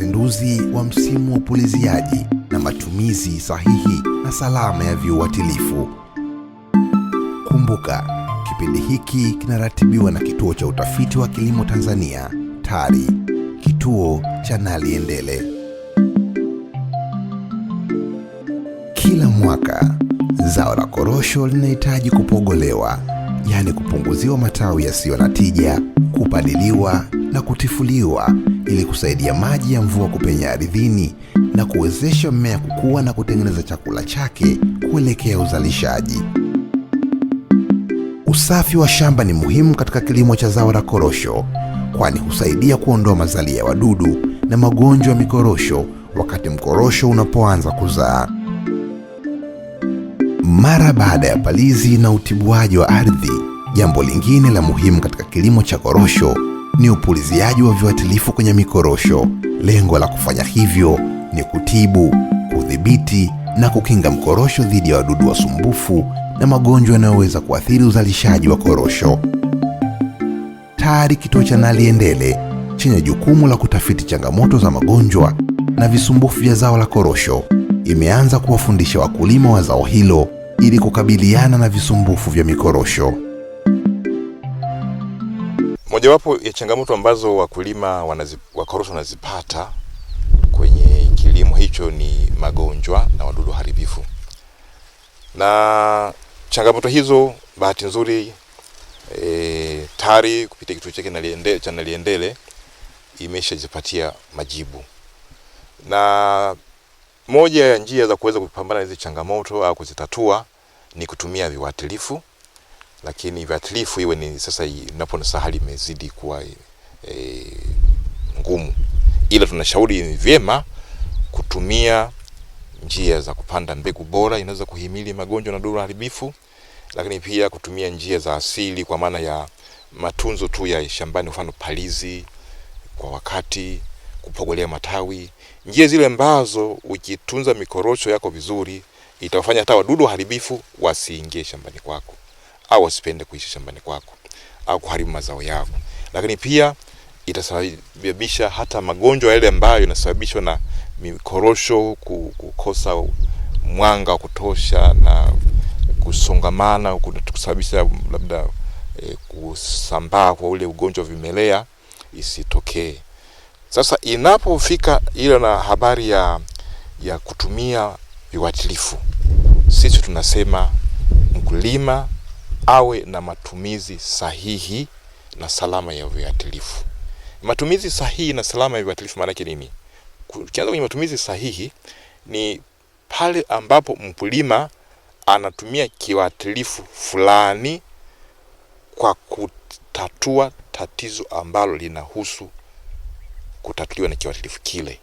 uzinduzi wa msimu wa upuliziaji na matumizi sahihi na salama ya viuatilifu. Kumbuka, kipindi hiki kinaratibiwa na Kituo cha Utafiti wa Kilimo Tanzania TARI, kituo cha Naliendele. Kila mwaka zao la korosho linahitaji kupogolewa, yaani kupunguziwa matawi yasiyo na tija, kupaliliwa na kutifuliwa ili kusaidia maji ya mvua kupenya ardhini na kuwezesha mmea kukua na kutengeneza chakula chake kuelekea uzalishaji. Usafi wa shamba ni muhimu katika kilimo cha zao la korosho, kwani husaidia kuondoa mazalia ya wadudu na magonjwa ya mikorosho wakati mkorosho unapoanza kuzaa. Mara baada ya palizi na utibuaji wa ardhi, jambo lingine la muhimu katika kilimo cha korosho ni upuliziaji wa viwatilifu kwenye mikorosho. Lengo la kufanya hivyo ni kutibu, kudhibiti na kukinga mkorosho dhidi ya wadudu wasumbufu na magonjwa yanayoweza kuathiri uzalishaji wa korosho. TARI kituo cha Naliendele chenye jukumu la kutafiti changamoto za magonjwa na visumbufu vya zao la korosho imeanza kuwafundisha wakulima wa zao hilo ili kukabiliana na visumbufu vya mikorosho mojawapo ya changamoto ambazo wakulima wanazip, wakorosho wanazipata kwenye kilimo hicho ni magonjwa na wadudu haribifu, na changamoto hizo bahati nzuri e, TARI kupitia kituo chake cha Naliendele imeshajipatia majibu, na moja ya njia za kuweza kupambana na hizi changamoto au kuzitatua ni kutumia viuatilifu lakini viatilifu iwe ni sasa, napoona sahali imezidi kuwa e, ngumu, ila tunashauri ni vyema kutumia njia za kupanda mbegu bora inaweza kuhimili magonjwa na dudu haribifu, lakini pia kutumia njia za asili kwa maana ya matunzo tu ya shambani, mfano palizi kwa wakati, kupogolea matawi, njia zile ambazo ukitunza mikorosho yako vizuri itawafanya hata wadudu haribifu wasiingie shambani kwako au wasipende kuishi shambani kwako au kuharibu mazao yako, lakini pia itasababisha hata magonjwa yale ambayo yanasababishwa na mikorosho kukosa mwanga wa kutosha na kusongamana kusababisha labda e, kusambaa kwa ule ugonjwa wa vimelea isitokee. Sasa inapofika ile na habari ya, ya kutumia viuatilifu, sisi tunasema mkulima awe na matumizi sahihi na salama ya viuatilifu. Matumizi sahihi na salama ya viuatilifu maana yake nini? kianza kwenye matumizi sahihi, ni pale ambapo mkulima anatumia kiuatilifu fulani kwa kutatua tatizo ambalo linahusu kutatuliwa na kiuatilifu kile.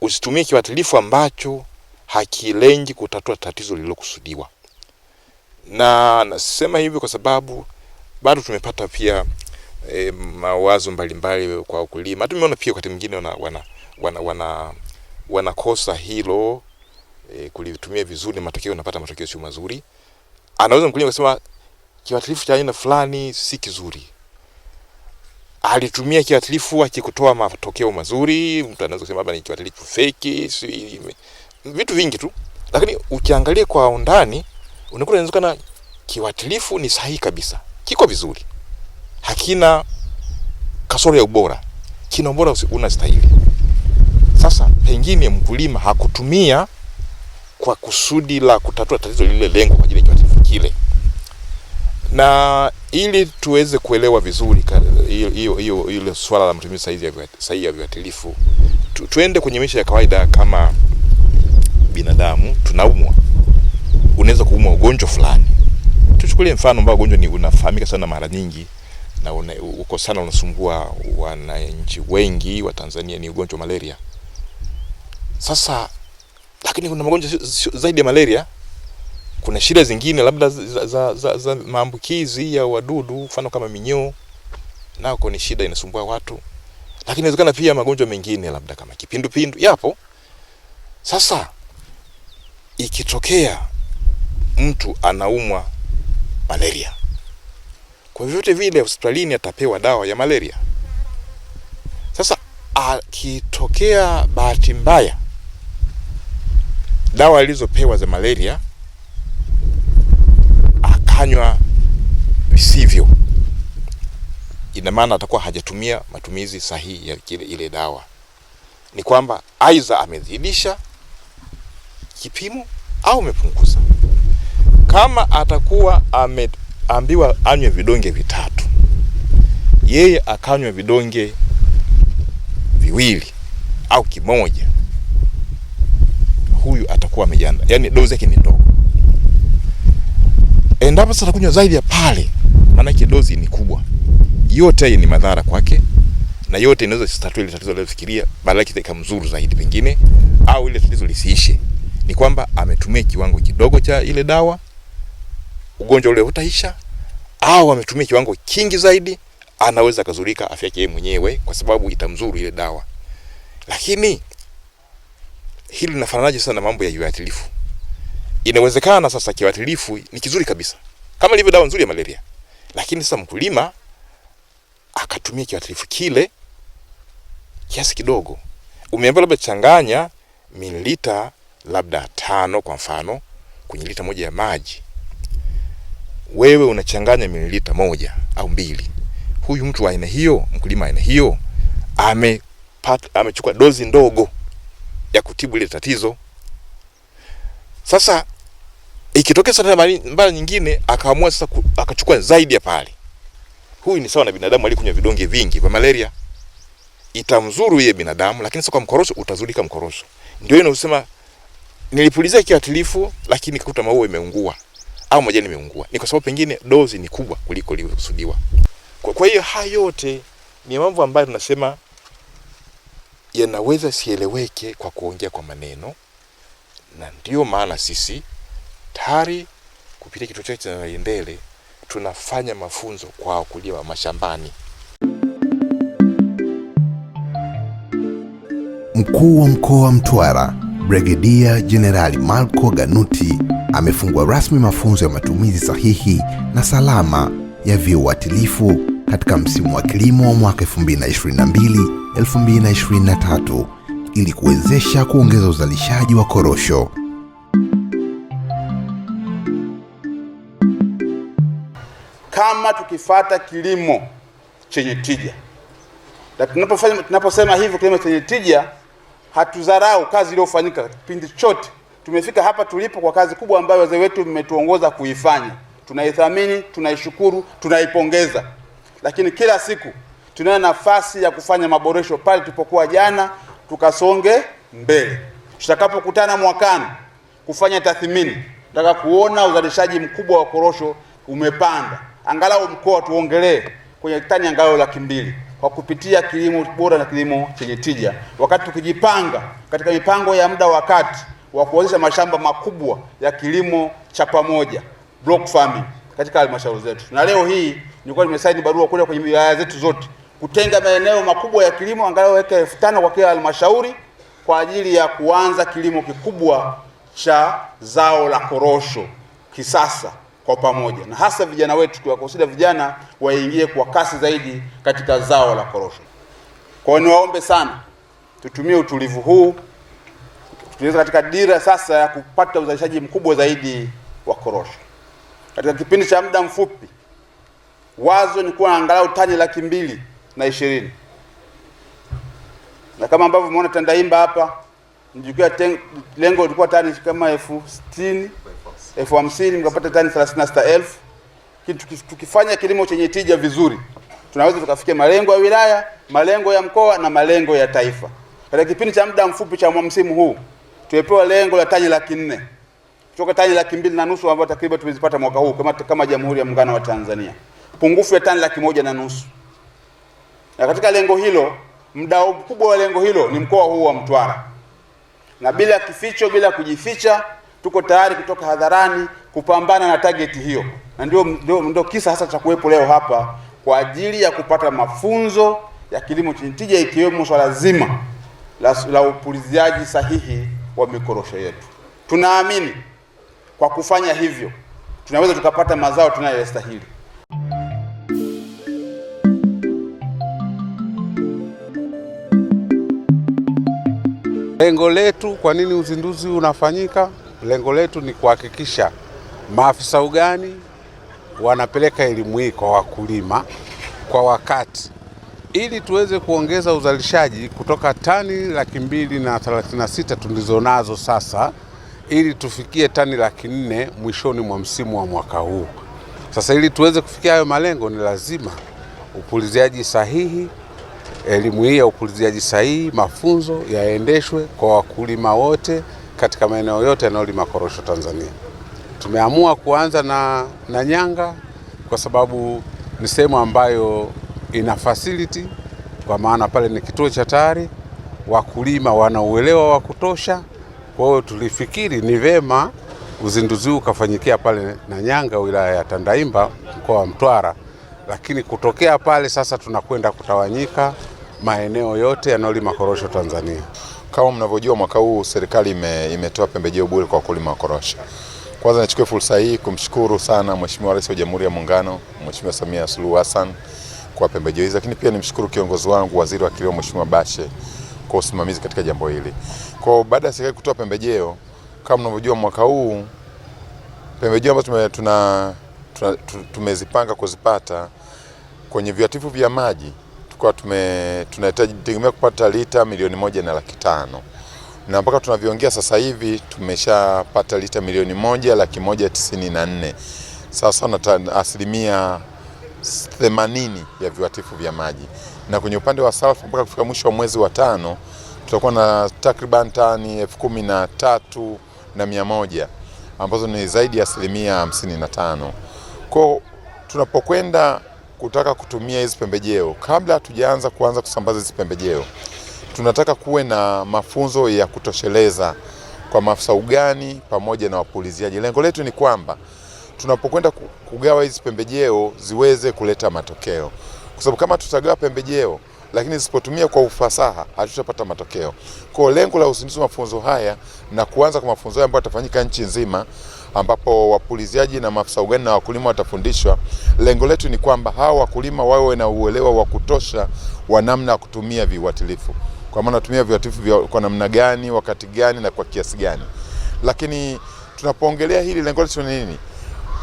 Usitumie kiuatilifu ambacho hakilengi kutatua tatizo lililokusudiwa na nasema hivyo kwa sababu bado tumepata pia e, mawazo mbalimbali mbali kwa wakulima. tumeona pia wakati mwingine wana, wana, wana, wana, wanakosa hilo e, kulitumia vizuri, matokeo unapata matokeo sio mazuri. Anaweza mkulima kusema kiwatilifu cha aina fulani si kizuri, alitumia kiwatilifu akikutoa matokeo mazuri. Mtu anaweza kusema labda ni kiwatilifu feki, si vitu vingi tu, lakini ukiangalia kwa undani unakuta inawezekana kiwatilifu ni sahihi kabisa, kiko vizuri, hakina kasoro ya ubora, kina ubora unastahili. Sasa pengine mkulima hakutumia kwa kusudi la kutatua tatizo lile, lengo kwa ajili ya kiwatilifu kile, na ili tuweze kuelewa vizuri hiyo hiyo ile swala la matumizi sahihi ya viwatilifu tuende kwenye maisha ya kawaida kama binadamu tunaumwa unaweza kuumwa ugonjwa fulani. Tuchukulie mfano ambao ugonjwa ni unafahamika sana mara nyingi na una, uko sana unasumbua wananchi wengi wa Tanzania ni ugonjwa malaria. Sasa lakini kuna magonjwa zaidi ya malaria, kuna shida zingine labda za, za, za, za maambukizi ya wadudu, mfano kama minyoo, nako ni shida inasumbua watu, lakini inawezekana pia magonjwa mengine labda kama kipindupindu yapo. Sasa ikitokea mtu anaumwa malaria, kwa vyovyote vile hospitalini atapewa dawa ya malaria. Sasa akitokea bahati mbaya dawa alizopewa za malaria akanywa visivyo, ina maana atakuwa hajatumia matumizi sahihi ya kile ile dawa. Ni kwamba aidha amezidisha kipimo au amepunguza. Kama atakuwa ameambiwa anywe vidonge vitatu, yeye akanywa vidonge viwili au kimoja, huyu atakuwa amejiandaa, yani dozi yake ni ndogo. Endapo sasa atakunywa zaidi ya pale, maanake dozi ni kubwa. Yote ni madhara kwake, na yote inaweza sitatue ile tatizo aliyofikiria, badala yake ikamzuru zaidi pengine, au ile tatizo lisiishe. Ni kwamba ametumia kiwango kidogo cha ile dawa ugonjwa ule utaisha, au ametumia kiwango kingi zaidi, anaweza akazurika afya yake mwenyewe, kwa sababu itamzuru ile dawa. Lakini hili linafananaje sana mambo ya viuatilifu? Inawezekana sasa kiuatilifu ni kizuri kabisa kama ilivyo dawa nzuri ya malaria, lakini sasa mkulima akatumia kiuatilifu kile kiasi kidogo, umeambiwa labda changanya mililita labda tano kwa mfano kwenye lita moja ya maji wewe unachanganya mililita moja au mbili. Huyu mtu wa aina hiyo, mkulima aina hiyo amepata, amechukua dozi ndogo ya kutibu ile tatizo. Sasa ikitokea sana mara nyingine akaamua sasa akachukua zaidi ya pale, huyu ni sawa na binadamu alikunywa vidonge vingi vya malaria, itamzuru yeye binadamu, lakini sasa kwa mkorosho utazulika mkorosho. Ndio inasema nilipulizia kiatilifu, lakini kukuta maua imeungua au majani yameungua, ni kwa sababu pengine dozi ni kubwa kuliko ilivyokusudiwa. Kwa hiyo haya yote ni mambo ambayo tunasema yanaweza sieleweke kwa kuongea kwa maneno, na ndiyo maana sisi TARI kupitia kituo chetu cha Naliendele tunafanya mafunzo kwa wakulima mashambani. Mkuu wa Mkoa wa Mtwara Brigedia Jenerali Marco Ganuti amefungua rasmi mafunzo ya matumizi sahihi na salama ya viuatilifu katika msimu wa kilimo wa mwaka 2022 2023 ili kuwezesha kuongeza uzalishaji wa korosho. Kama tukifata kilimo chenye tija, na tunapofanya tunaposema hivyo kilimo chenye tija, hatudharau kazi iliyofanyika kipindi chote tumefika hapa tulipo kwa kazi kubwa ambayo wazee wetu mmetuongoza kuifanya. Tunaithamini, tunaishukuru, tunaipongeza, lakini kila siku tunayo nafasi ya kufanya maboresho pale tulipokuwa jana, tukasonge mbele. Tutakapokutana mwakani kufanya tathmini, nataka kuona uzalishaji mkubwa wa korosho umepanda, angalau mkoa tuongelee kwenye tani angalau laki mbili kwa kupitia kilimo bora na kilimo chenye tija, wakati tukijipanga katika mipango ya muda wa kati wa kuanzisha mashamba makubwa ya kilimo cha pamoja block farming katika halmashauri zetu, na leo hii nilikuwa nimesaini barua kule kwenye wilaya zetu zote kutenga maeneo makubwa ya kilimo angalau weka elfu tano kwa kila halmashauri kwa ajili ya kuanza kilimo kikubwa cha zao la korosho kisasa kwa pamoja, na hasa vijana wetu, tukiwakosida vijana waingie kwa kasi zaidi katika zao la korosho. Kwa hiyo niwaombe sana tutumie utulivu huu tuingize katika dira sasa ya kupata uzalishaji mkubwa zaidi wa korosho katika kipindi cha muda mfupi. Wazo ni kuwa angalau tani laki mbili na ishirini na kama ambavyo umeona Tandaimba hapa mjikia lengo ilikuwa tani kama elfu sitini elfu hamsini mkapata tani thelathini na sita elfu. Tukifanya kilimo chenye tija vizuri, tunaweza tukafikia malengo ya wilaya, malengo ya mkoa na malengo ya taifa katika kipindi cha muda mfupi cha msimu huu tumepewa lengo la tani laki nne kutoka tani laki mbili na nusu ambayo takriban tumezipata mwaka huu kama, kama Jamhuri ya Muungano wa Tanzania, pungufu ya tani laki moja na nusu. Na katika lengo hilo, mdao mkubwa wa lengo hilo ni mkoa huu wa Mtwara, na bila kificho, bila kujificha, tuko tayari kutoka hadharani kupambana na target hiyo, na ndio, ndio, ndio kisa hasa cha kuwepo leo hapa kwa ajili ya kupata mafunzo ya kilimo chenye tija ikiwemo swala zima la, la upuliziaji sahihi wa mikorosho yetu. Tunaamini kwa kufanya hivyo tunaweza tukapata mazao tunayostahili. Lengo letu, kwa nini uzinduzi unafanyika? Lengo letu ni kuhakikisha maafisa ugani wanapeleka elimu hii kwa wakulima kwa wakati ili tuweze kuongeza uzalishaji kutoka tani laki mbili na thelathini na sita tulizonazo sasa ili tufikie tani laki nne mwishoni mwa msimu wa mwaka huu. Sasa ili tuweze kufikia hayo malengo, ni lazima upuliziaji sahihi, elimu hii ya upuliziaji sahihi, mafunzo yaendeshwe kwa wakulima wote katika maeneo yote yanayolima korosho Tanzania. Tumeamua kuanza na, na Nyanga kwa sababu ni sehemu ambayo ina facility kwa maana pale ni kituo cha tayari wakulima wana uelewa wa kutosha. Kwa hiyo tulifikiri ni vema uzinduzi huu ukafanyikia pale Nanyanga, wilaya ya Tandaimba, mkoa wa Mtwara. Lakini kutokea pale sasa tunakwenda kutawanyika maeneo yote yanayolima korosho Tanzania. Kama mnavyojua, mwaka huu serikali ime, imetoa pembejeo bure kwa wakulima wa korosho. Kwanza nichukue fursa hii kumshukuru sana Mheshimiwa Rais wa Jamhuri ya Muungano, Mheshimiwa Samia Suluhu Hassan kwa pembejeo hizi, lakini pia nimshukuru kiongozi wangu waziri wa kilimo Mheshimiwa Bashe kwa usimamizi katika jambo hili. Kwa baada ya serikali kutoa pembejeo, kama mnavyojua, mwaka huu pembejeo ambazo tuna, tuna, tumezipanga kuzipata kwenye viuatifu vya maji tulikuwa tume tunahitaji tegemea kupata lita milioni moja na laki tano na mpaka tunavyoongea sasa hivi tumeshapata lita milioni moja laki moja tisini na nne sasa na asilimia themanini ya viwatifu vya maji, na kwenye upande wa sulfa mpaka kufika mwisho wa mwezi wa tano tutakuwa na takriban tani elfu kumi na tatu na mia moja ambazo ni zaidi ya asilimia hamsini na tano. Kwa tunapokwenda kutaka kutumia hizi pembejeo, kabla hatujaanza kuanza kusambaza hizi pembejeo, tunataka kuwe na mafunzo ya kutosheleza kwa maafisa ugani pamoja na wapuliziaji. Lengo letu ni kwamba tunapokwenda kugawa hizi pembejeo ziweze kuleta matokeo, kwa sababu kama tutagawa pembejeo lakini zisipotumia kwa ufasaha hatutapata matokeo. Kwa lengo la uzinduzi wa mafunzo haya na kuanza kwa mafunzo haya ambayo yatafanyika nchi nzima, ambapo wapuliziaji na maafisa ugani na wakulima watafundishwa. Lengo letu ni kwamba hawa wakulima wawe na uelewa wa kutosha wa namna ya kutumia viuatilifu, kwa maana tumia viuatilifu kwa namna gani, wakati gani na kwa kiasi gani. Lakini tunapoongelea hili, lengo letu ni nini?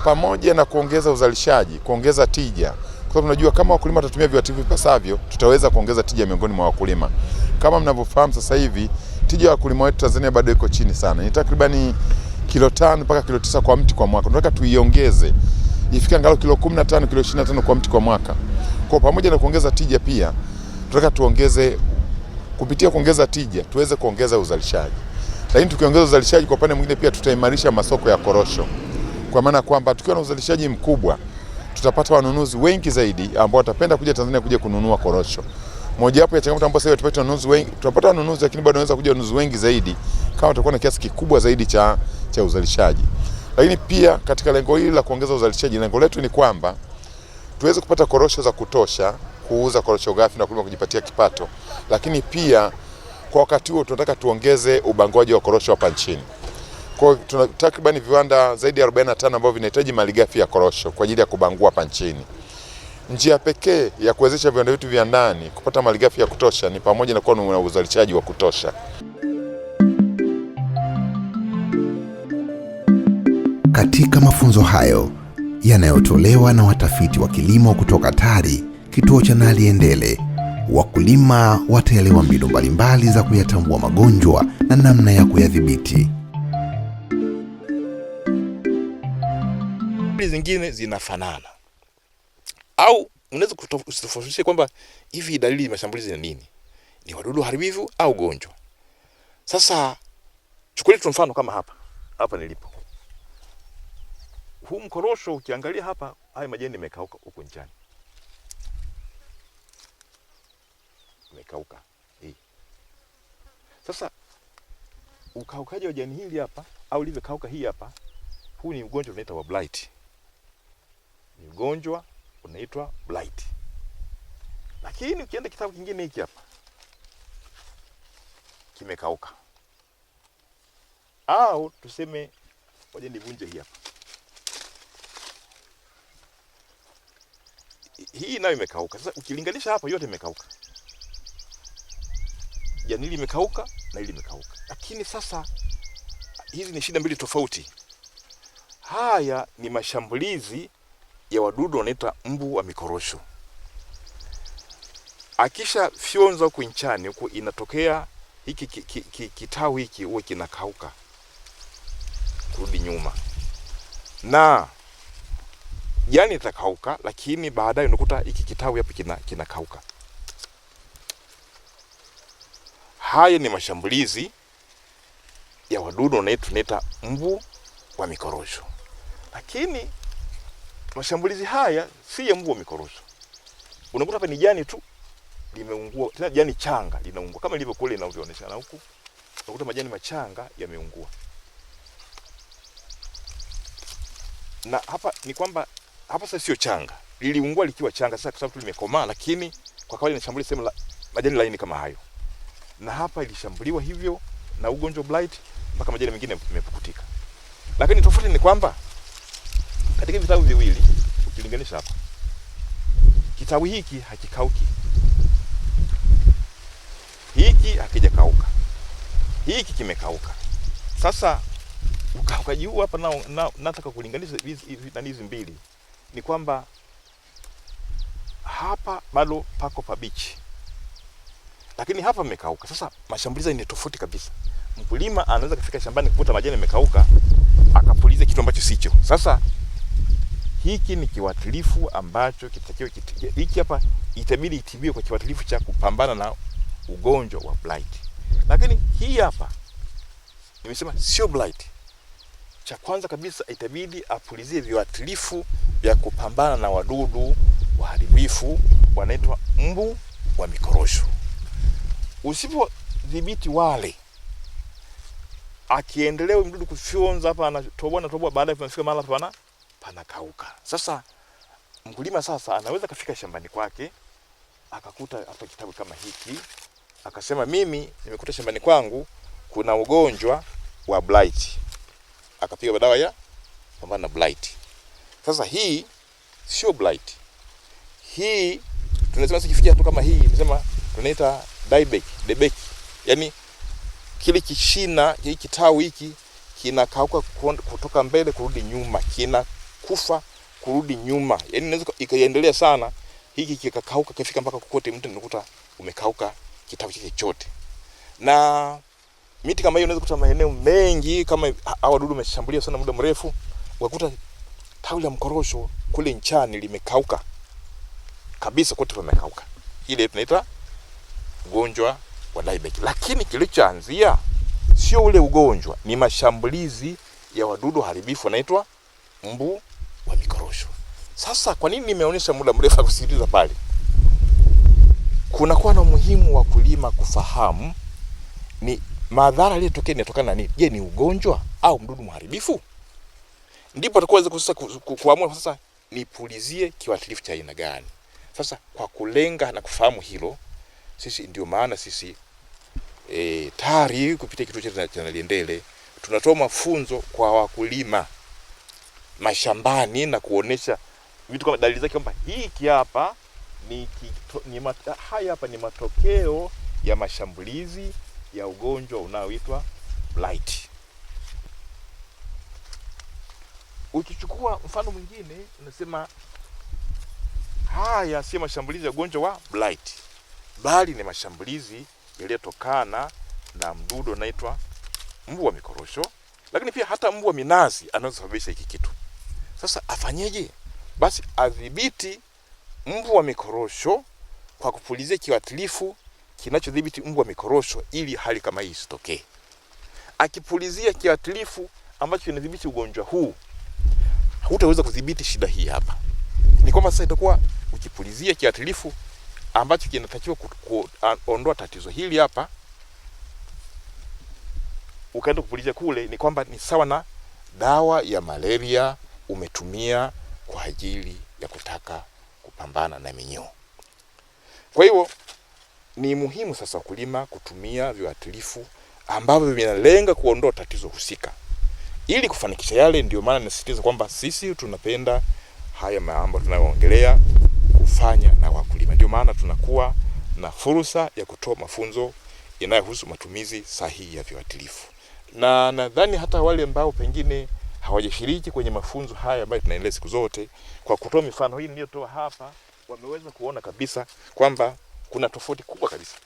pamoja na kuongeza uzalishaji, kuongeza tija, kwa sababu tunajua kama wakulima watatumia viuatilifu ipasavyo, tutaweza kuongeza tija miongoni mwa wakulima. Kama mnavyofahamu sasa hivi tija ya wakulima wetu Tanzania bado iko chini sana, ni takribani kilo tano mpaka kilo tisa kwa mti kwa mwaka. Tunataka tuiongeze ifike angalau kilo 15 kilo 25 kwa mti kwa mwaka. Kwa pamoja na kuongeza tija, pia tunataka tuongeze kupitia kuongeza tija tuweze kuongeza uzalishaji, lakini tukiongeza uzalishaji kwa upande mwingine pia tutaimarisha masoko ya korosho kwa maana kwamba tukiwa na uzalishaji mkubwa tutapata wanunuzi wengi zaidi ambao watapenda kuja Tanzania kuja kununua korosho. Mojawapo ya changamoto ambayo sasa tupata wanunuzi wengi, tutapata wanunuzi lakini bado wanaweza kuja wanunuzi wengi zaidi kama tutakuwa na kiasi kikubwa zaidi cha, cha uzalishaji. Lakini pia katika lengo hili la kuongeza uzalishaji, lengo letu ni kwamba tuweze kupata korosho za kutosha kuuza korosho ghafi na kulima kujipatia kipato, lakini pia kwa wakati huo tunataka tuongeze ubanguaji wa korosho hapa nchini. Kwa tuna takriban viwanda zaidi ya 45 ambavyo vinahitaji malighafi ya korosho kwa ajili ya kubangua hapa nchini. Njia pekee ya kuwezesha viwanda vyetu vya ndani kupata malighafi ya kutosha ni pamoja na kuwa na uzalishaji wa kutosha. Katika mafunzo hayo yanayotolewa na watafiti wa kilimo kutoka TARI kituo cha Naliendele, wakulima wataelewa mbinu mbalimbali za kuyatambua magonjwa na namna ya kuyadhibiti. Biblia zingine zinafanana, au unaweza kutofautisha kwamba hivi dalili mashambulizi ni nini, ni wadudu haribivu au gonjwa. Sasa chukuli tu mfano kama hapa hapa nilipo, huu mkorosho ukiangalia hapa, haya majani yamekauka huko njani, yamekauka hii. Sasa ukaukaji wa jani hili hapa au livyokauka hii hapa, huu ni ugonjwa unaitwa wa blight ugonjwa unaitwa blight. Lakini ukienda kitabu kingine hiki hapa kimekauka, au tuseme, ngoja nivunje hii hapa, hii nayo imekauka. Sasa ukilinganisha hapa, yote imekauka, jani imekauka na hili imekauka. Lakini sasa hizi ni shida mbili tofauti. Haya ni mashambulizi ya wadudu wanaita mbu wa mikorosho. Akisha fyonza huku nchani huku, inatokea hiki kitawi hiki, hiki huwa kinakauka kurudi nyuma na jani itakauka, lakini baadaye unakuta hiki kitawi hapo kinakauka. Kina haya ni mashambulizi ya wadudu tunaita mbu wa mikorosho, lakini Mashambulizi haya si ya mbwa mikoroso. Unakuta hapa ni jani tu limeungua, tena jani changa linaungua kama ilivyo kule inavyoonekana huku. Unakuta majani machanga yameungua. Na hapa ni kwamba hapa sasa sio changa. Liliungua likiwa changa sasa kwa sababu limekomaa, lakini kwa kawaida inashambulia sehemu la majani laini kama hayo. Na hapa ilishambuliwa hivyo na ugonjwa blight mpaka majani mengine yamepukutika. Lakini tofauti ni kwamba katika vitabu viwili ukilinganisha hapa, kitawi hiki hakikauki, hiki hakijakauka, hiki kimekauka. Sasa ukaukaji huu hapa nao na, nataka kulinganisha nani hizi mbili, ni kwamba hapa bado pako pabichi, lakini hapa mmekauka. Sasa mashambulizi ni tofauti kabisa. Mkulima anaweza kufika shambani kukuta majani yamekauka, akapuliza kitu ambacho sicho. Sasa hiki ni kiwatilifu ambacho kitakiwa hiki hapa, itabidi itibiwe kwa kiwatilifu cha kupambana na ugonjwa wa blight. Lakini hii hapa nimesema sio blight. Cha kwanza kabisa itabidi apulizie viwatilifu vya kupambana na wadudu waharibifu wanaitwa mbu wa mikorosho. Usipodhibiti wale, akiendelea mdudu kufyonza hapa, anatoboa na toboa, baada ya kufika mahali pana panakauka. Sasa mkulima sasa anaweza kafika shambani kwake akakuta hapa kitabu kama hiki, akasema mimi nimekuta shambani kwangu kuna ugonjwa wa blight, akapiga dawa ya pambana na blight. Sasa hii sio blight, hii tunasema sikifikia tu kama hii, tunasema tunaita dieback dieback, yani kile kishina hiki kitawi hiki kinakauka kutoka mbele kurudi nyuma kina kufa kurudi nyuma, yani inaweza ikaendelea sana, hiki kikakauka kifika mpaka kokote, mtu anakuta umekauka kitabu chake chote. Na miti kama hiyo unaweza kukuta maeneo mengi, kama hawa wadudu wameshambulia sana muda mrefu, wakuta tawi la mkorosho kule nchani limekauka kabisa, kote pamekauka. Ile tunaita ugonjwa wa dieback, lakini kilichoanzia sio ule ugonjwa, ni mashambulizi ya wadudu haribifu wanaitwa mbu wa mikorosho. Sasa kwa nini nimeonyesha muda mrefu wa kusikiliza pale? Kunakuwa na umuhimu wa kulima kufahamu ni madhara yaliyotokea inatokana na nini? Je, ni ugonjwa au mdudu mharibifu? Ndipo atakuweza sasa kuamua sasa nipulizie kiwatilifu cha aina gani. Sasa kwa kulenga na kufahamu hilo, sisi ndio maana sisi e, eh, TARI kupitia kituo chetu cha Naliendele tunatoa mafunzo kwa wakulima mashambani na kuonesha vitu kama dalili zake kwamba hiki hapa ni, ni mat, haya hapa ni matokeo ya mashambulizi ya ugonjwa unaoitwa blight. Ukichukua mfano mwingine unasema haya si mashambulizi ya ugonjwa wa blight, bali ni mashambulizi yaliyotokana na mdudu anaitwa mbu wa mikorosho, lakini pia hata mbu wa minazi anaweza kusababisha hiki kitu. Sasa afanyeje? Basi adhibiti mbu wa mikorosho kwa kupulizia kiwatilifu kinachodhibiti mbu wa mikorosho ili hali kama hii isitokee. Akipulizia kiwatilifu ambacho kinadhibiti ugonjwa huu, hutaweza kudhibiti shida hii hapa. Ni kwamba sasa itakuwa ukipulizia kiwatilifu ambacho kinatakiwa kuondoa tatizo hili hapa, ukaenda kupulizia kule, ni kwamba ni sawa na dawa ya malaria umetumia kwa ajili ya kutaka kupambana na minyoo. Kwa hivyo ni muhimu sasa wakulima kutumia viuatilifu ambavyo vinalenga kuondoa tatizo husika ili kufanikisha yale. Ndio maana nasisitiza kwamba sisi tunapenda haya mambo tunayoongelea kufanya na wakulima, ndio maana tunakuwa na fursa ya kutoa mafunzo yanayohusu matumizi sahihi ya viuatilifu, na nadhani hata wale ambao pengine hawajashiriki kwenye mafunzo haya ambayo tunaendelea siku zote. Kwa kutoa mifano hii niliyotoa hapa, wameweza kuona kabisa kwamba kuna tofauti kubwa kabisa,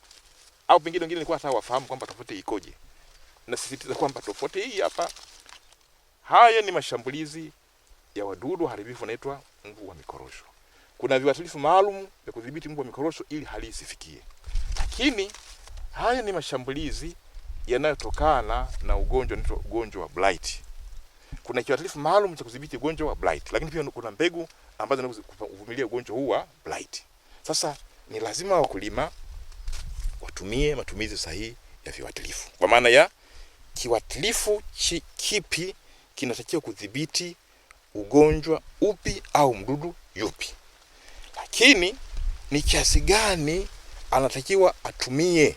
au pengine wengine walikuwa hata wafahamu kwamba tofauti ikoje. Nasisitiza kwamba tofauti hii hapa, haya ni mashambulizi ya wadudu waharibifu wanaitwa mbu wa mikorosho. Kuna viwatilifu maalum vya kudhibiti mbu wa mikorosho ili hali isifikie, lakini haya ni mashambulizi yanayotokana na ugonjwa unaitwa ugonjwa wa blight kuna kiuatilifu maalum cha kudhibiti ugonjwa wa blight, lakini pia kuna mbegu ambazo zinaweza kuvumilia ugonjwa huu wa blight. Sasa ni lazima wakulima watumie matumizi sahihi ya viuatilifu, kwa maana ya kiuatilifu kipi kinatakiwa kudhibiti ugonjwa upi au mdudu yupi, lakini ni kiasi gani anatakiwa atumie.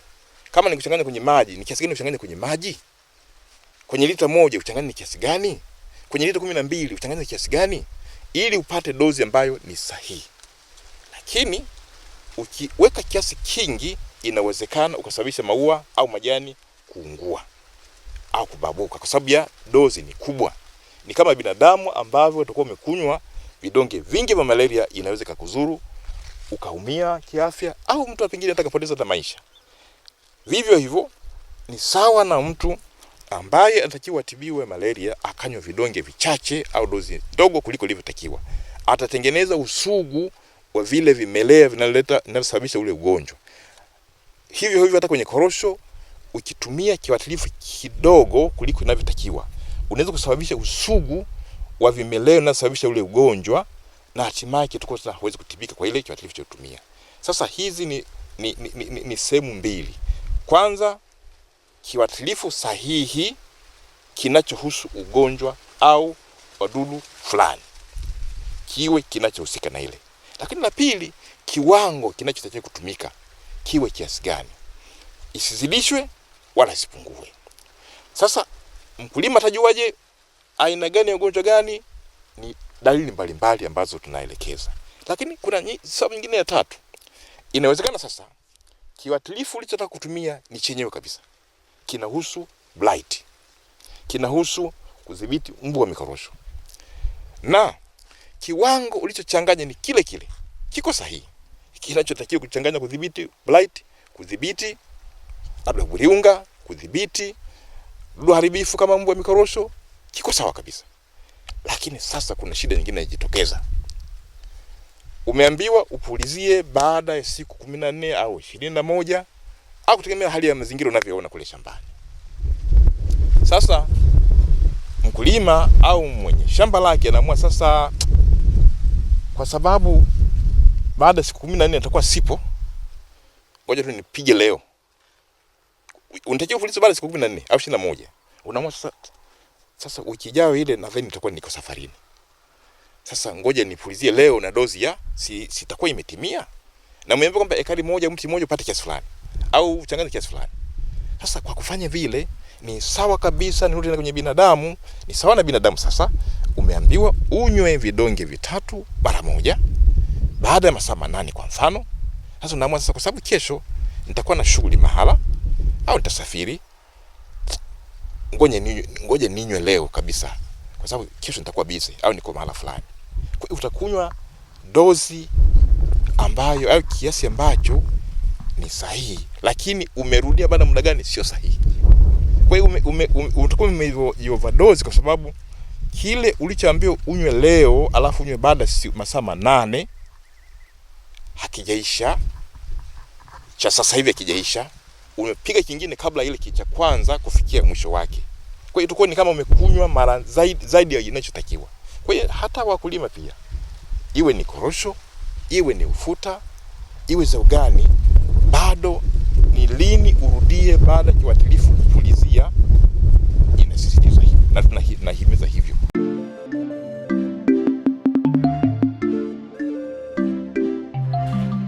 Kama ni kuchanganya kwenye maji, ni kiasi gani uchanganya kwenye maji? Kwenye lita moja uchanganya ni kiasi gani? kwenye lita kumi na mbili uchanganye kiasi gani ili upate dozi ambayo ni sahihi. Lakini ukiweka kiasi kingi, inawezekana ukasababisha maua au majani kuungua au kubabuka, kwa sababu ya dozi ni kubwa. Ni kama binadamu ambavyo utakuwa umekunywa vidonge vingi vya malaria, inaweza kukuzuru ukaumia kiafya, au mtu pengine atakapoteza hata maisha. Vivyo hivyo ni sawa na mtu ambaye anatakiwa atibiwe malaria akanywa vidonge vichache au dozi ndogo kuliko ilivyotakiwa, atatengeneza usugu wa vile vimelea vinaleta vinavyosababisha ule ugonjwa. Hivyo hivyo hata kwenye korosho, ukitumia kiwatilifu kidogo kuliko inavyotakiwa, unaweza kusababisha usugu wa vimelea vinavyosababisha ule ugonjwa, na hatimaye kituko sasa hawezi kutibika kwa ile kiuatilifu chotumia. Sasa hizi ni, ni, ni, ni, ni sehemu mbili, kwanza kiwatilifu sahihi kinachohusu ugonjwa au wadudu fulani kiwe kinachohusika na ile. Lakini la pili, kiwango kinachotakiwa kutumika kiwe kiasi gani, isizidishwe wala isipungue. Sasa mkulima atajuaje aina gani ya ugonjwa gani? Ni dalili mbalimbali mbali ambazo tunaelekeza, lakini kuna sababu nyingine ya tatu. Inawezekana sasa kiwatilifu ulichotaka kutumia ni chenyewe kabisa kinahusu blight, kinahusu kudhibiti mbu wa mikorosho, na kiwango ulichochanganya ni kile kile, kiko sahihi. Kinachotakiwa kuchanganya kudhibiti blight, kudhibiti labda buriunga, kudhibiti dudu haribifu kama mbu wa mikorosho, kiko sawa kabisa. Lakini sasa kuna shida nyingine inajitokeza. Umeambiwa upulizie baada ya siku kumi na nne au ishirini na moja au kutegemea hali ya mazingira unavyoona kule shambani. Sasa mkulima au mwenye shamba lake anaamua sasa, kwa sababu baada ya siku kumi na nne nitakuwa sipo, ngoja tu nipige leo. Unatakiwa kufuliza baada ya siku kumi na nne au ishirini na moja. Unaamua sasa, sasa wiki ijayo ile nadhani nitakuwa niko safarini, sasa ngoja nipulizie leo na dozi ya si, sitakuwa imetimia, na mwembe kwamba ekari moja mti moja upate kiasi fulani au uchanganye kiasi fulani. Sasa kwa kufanya vile ni sawa kabisa, nirudi kwenye binadamu, ni sawa na binadamu. Sasa umeambiwa unywe vidonge vitatu mara moja baada ya masaa manane kwa mfano. Sasa unaamua sasa, kwa sababu kesho nitakuwa na shughuli mahala au nitasafiri, ngoje ninywe, ngoje ninywe leo kabisa, kwa sababu kesho nitakuwa busy au niko mahala fulani. Kwa hiyo utakunywa dozi ambayo au kiasi ambacho ni sahihi, lakini umerudia baada muda gani, sio sahihi. Kwa hiyo utakuwa ume, ume, overdose kwa sababu kile ulichoambiwa unywe leo alafu unywe baada si masaa manane hakijaisha, cha sasa hivi hakijaisha, umepiga kingine kabla ile cha kwanza kufikia mwisho wake. Kwa hiyo itakuwa ni kama umekunywa mara zaidi, zaidi ya inachotakiwa. Kwa hiyo hata wakulima pia, iwe ni korosho, iwe ni ufuta, iwe za ugani bado ni lini urudie baada ya kiuatilifu kupulizia, inasisitiza hivyo na tunahimiza hivyo.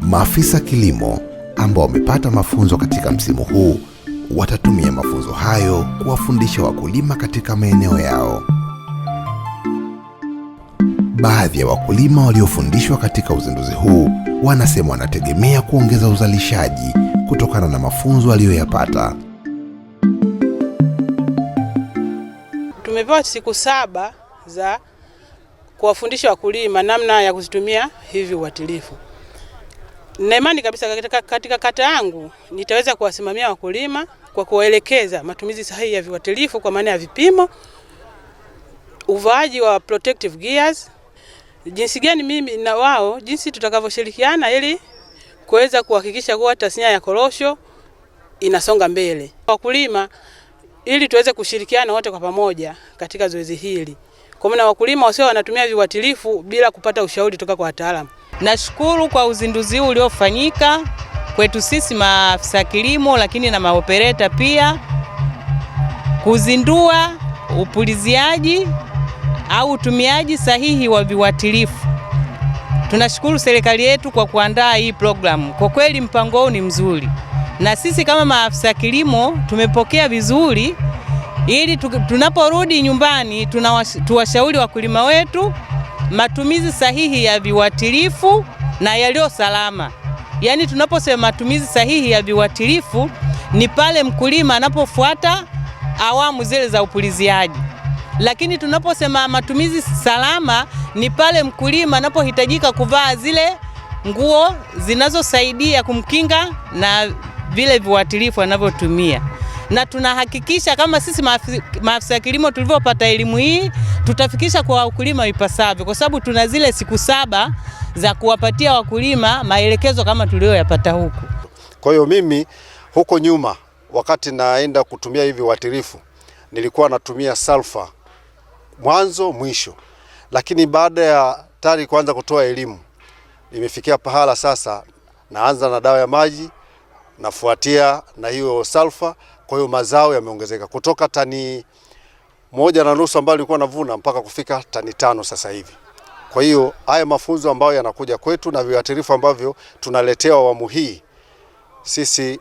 Maafisa kilimo ambao wamepata mafunzo katika msimu huu watatumia mafunzo hayo kuwafundisha wakulima katika maeneo yao. Baadhi ya wakulima waliofundishwa katika uzinduzi huu wanasema wanategemea kuongeza uzalishaji kutokana na mafunzo aliyoyapata Tumepewa siku saba za kuwafundisha wakulima namna ya kuzitumia hivi uatilifu. Naimani kabisa katika, katika kata yangu nitaweza kuwasimamia wakulima kwa kuwaelekeza matumizi sahihi ya viuatilifu kwa maana ya vipimo, uvaaji wa protective gears jinsi gani mimi na wao, jinsi tutakavyoshirikiana ili kuweza kuhakikisha kuwa tasnia ya korosho inasonga mbele. Wakulima ili tuweze kushirikiana wote kwa pamoja katika zoezi hili, kwa maana wakulima wasio wanatumia viuatilifu bila kupata ushauri kutoka kwa wataalamu. Nashukuru kwa uzinduzi huu uliofanyika kwetu sisi maafisa kilimo, lakini na maopereta pia kuzindua upuliziaji au utumiaji sahihi wa viuatilifu. Tunashukuru serikali yetu kwa kuandaa hii programu. Kwa kweli mpango huu ni mzuri, na sisi kama maafisa kilimo tumepokea vizuri, ili tunaporudi nyumbani tuwashauri wakulima wetu matumizi sahihi ya viuatilifu na yaliyo salama. Yaani, tunaposema matumizi sahihi ya viuatilifu ni pale mkulima anapofuata awamu zile za upuliziaji. Lakini tunaposema matumizi salama ni pale mkulima anapohitajika kuvaa zile nguo zinazosaidia kumkinga na vile viuatilifu anavyotumia na tunahakikisha kama sisi maafisa kilimo tulivyopata elimu hii tutafikisha kwa wakulima ipasavyo, kwa sababu tuna zile siku saba za kuwapatia wakulima maelekezo kama tuliyoyapata huku. Kwa hiyo mimi huko nyuma, wakati naenda kutumia hivi viuatilifu, nilikuwa natumia sulfur mwanzo mwisho. Lakini baada ya TARI kuanza kutoa elimu, imefikia pahala sasa naanza na dawa ya maji, nafuatia na hiyo salfa. Kwa hiyo mazao yameongezeka kutoka tani moja na nusu ambayo nilikuwa navuna mpaka kufika tani tano sasa hivi. Kwa hiyo haya mafunzo ambayo yanakuja kwetu na viwatirifu ambavyo tunaletewa awamu hii, sisi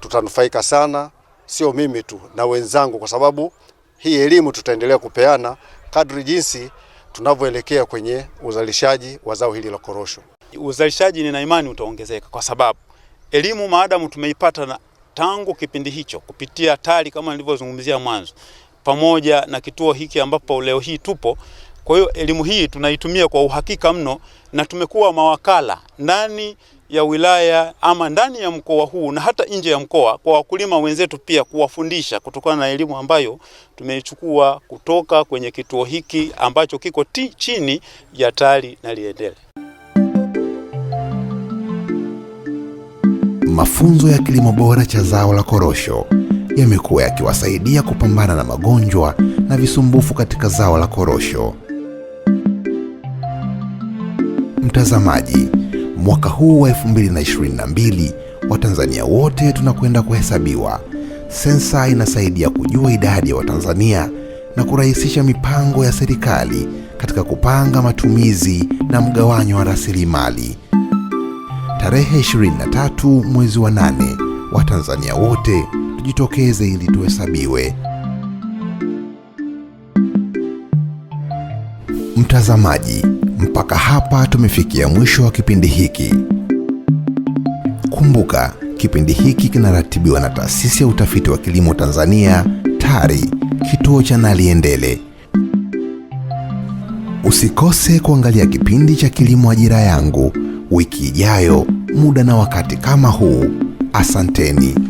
tutanufaika sana, sio mimi tu na wenzangu, kwa sababu hii elimu tutaendelea kupeana kadri jinsi tunavyoelekea kwenye uzalishaji wa zao hili la korosho. Uzalishaji nina imani utaongezeka kwa sababu elimu maadamu tumeipata na tangu kipindi hicho kupitia TARI kama nilivyozungumzia mwanzo, pamoja na kituo hiki ambapo leo hii tupo. Kwa hiyo elimu hii tunaitumia kwa uhakika mno, na tumekuwa mawakala ndani ya wilaya ama ndani ya mkoa huu na hata nje ya mkoa, kwa wakulima wenzetu pia kuwafundisha kutokana na elimu ambayo tumeichukua kutoka kwenye kituo hiki ambacho kiko ti chini ya TARI Naliendele. Mafunzo ya kilimo bora cha zao la korosho yamekuwa yakiwasaidia kupambana na magonjwa na visumbufu katika zao la korosho. Mtazamaji Mwaka huu wa 2022 Watanzania wote tunakwenda kuhesabiwa. Sensa inasaidia kujua idadi ya Watanzania na kurahisisha mipango ya serikali katika kupanga matumizi na mgawanyo wa rasilimali. Tarehe 23 mwezi wa 8, Watanzania wote tujitokeze ili tuhesabiwe. Mtazamaji, mpaka hapa tumefikia mwisho wa kipindi hiki. Kumbuka, kipindi hiki kinaratibiwa na Taasisi ya Utafiti wa Kilimo Tanzania TARI, kituo cha Naliendele. Usikose kuangalia kipindi cha Kilimo Ajira Yangu wiki ijayo, muda na wakati kama huu. Asanteni.